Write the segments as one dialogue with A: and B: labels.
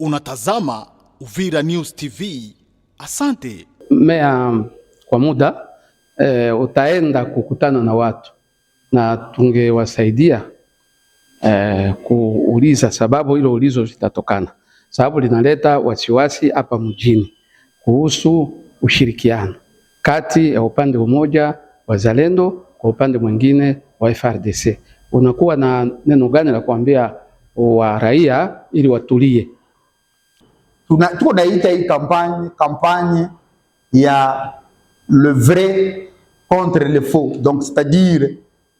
A: Unatazama Uvira News TV. Asante.
B: mea um, kwa muda e, utaenda kukutana na watu na tungewasaidia e, kuuliza sababu hilo ulizo zitatokana, sababu linaleta wasiwasi hapa mjini kuhusu ushirikiano kati ya upande mmoja zalendo kwa upande mwingine wa FRDC. Unakuwa na neno gani la kuambia wa raia ili watulie?
C: tuna tuko naita hii kampanye kampanye ya le vrai contre le faux, donc c'est-à-dire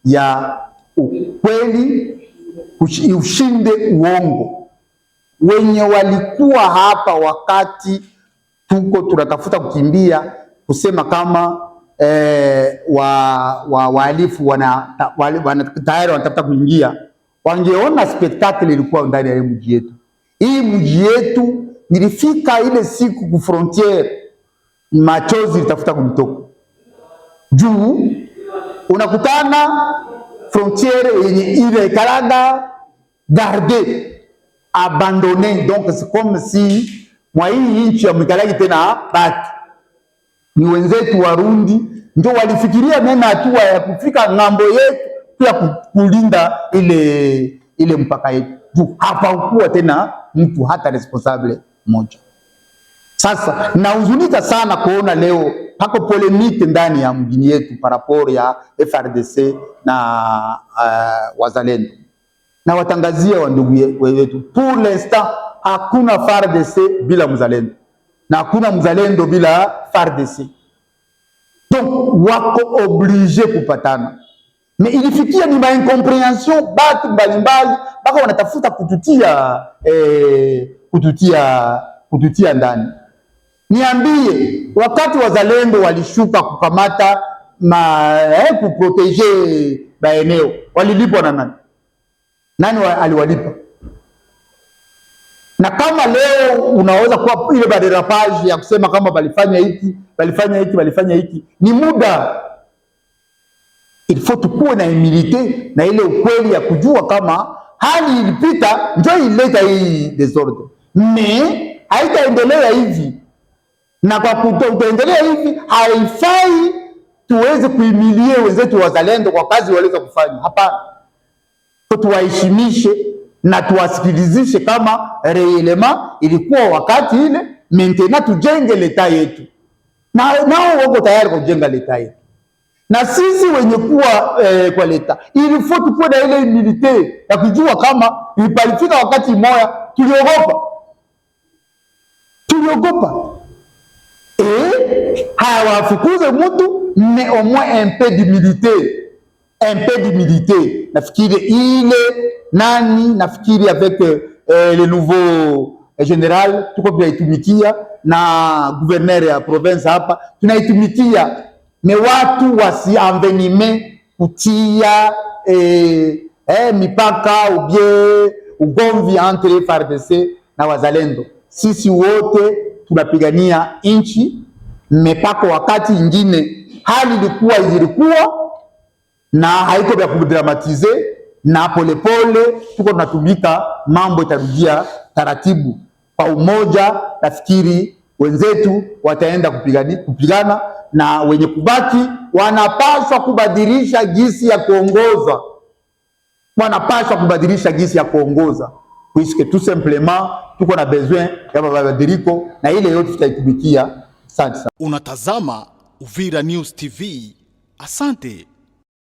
C: ya ukweli ushinde uongo. Wenye walikuwa hapa wakati tuko tunatafuta kukimbia kusema kama eh, wahalifu wa, wa tayari wana, wanatafuta kuingia, wangeona spectacle ilikuwa ndani ya mji yetu, hii mji yetu Nilifika ile siku ku frontier, machozi litafuta kunitoka juu. Unakutana frontiere yenye ile kalaga garde abandone, donc c'est comme si mwa hii nchi amikalaki tena batu Ni wenzetu Warundi ndio walifikiria mema hatua ya kufika ng'ambo yetu pia kulinda ile ile mpaka yetu, hapakuwa tena mtu hata responsable moja. Sasa nahuzunika sana kuona leo pako polemiki ndani ya mjini yetu paraporo ya FRDC na uh, wazalendo na watangazia wa ndugu wetu, pour l'instant hakuna FARDC bila mzalendo na hakuna mzalendo bila FARDC, donc wako oblige kupatana. Me ilifikia ni maincomprehension, batu mbalimbali bako wanatafuta kututia eh, kututia, kututia ndani. Niambie, wakati wazalendo walishuka kukamata ma, eh, kuproteje baeneo walilipwa na nani? Nani wa, aliwalipa? Na kama leo unaweza kuwa ile baderapage ya kusema kama balifanya hiki balifanya hiki balifanya hiki, ni muda ilifo tukuwe na humilite na ile ukweli ya kujua kama hali ilipita, njo ilileta hii desordre nne haitaendelea hivi, na kwa kutoendelea hivi haifai tuweze kuimilie wenzetu wazalendo kwa kazi waliweza kufanya. Hapana, tuwaheshimishe na tuwasikilizishe kama reelema ilikuwa wakati ile mentena, tujenge leta yetu na nao wako tayari kwa kujenga leta yetu, na sisi wenye kuwa eh, kwa leta ilifo tukuwe na ile milite ya kujua kama ilipalifika wakati moya tuliogopa mliogopa et hawafukuze mtu mais au moins un peu d'humilité, Nafikiri ile nani, nafikiri avec eh, le nouveau eh, general tuko tunaitumikia na gouverneur ya province hapa tunaitumikia, me watu wasianvenime kutia eh, eh, mipaka ubie ugomvi entre FARDC na wazalendo sisi wote tunapigania nchi. Mmepaka wakati ingine hali ilikuwa ilikuwa na haiko vya kudramatize, na polepole tuko tunatumika, mambo itarudia taratibu kwa umoja. Nafikiri wenzetu wataenda kupigani, kupigana na wenye kubaki wanapaswa kubadilisha jinsi ya kuongoza, wanapaswa kubadilisha jinsi ya kuongoza puisque tout simplement tuko na besoin ya mabadiliko na ile yote tutaitumikia. Asante sana.
A: Unatazama Uvira News TV. Asante.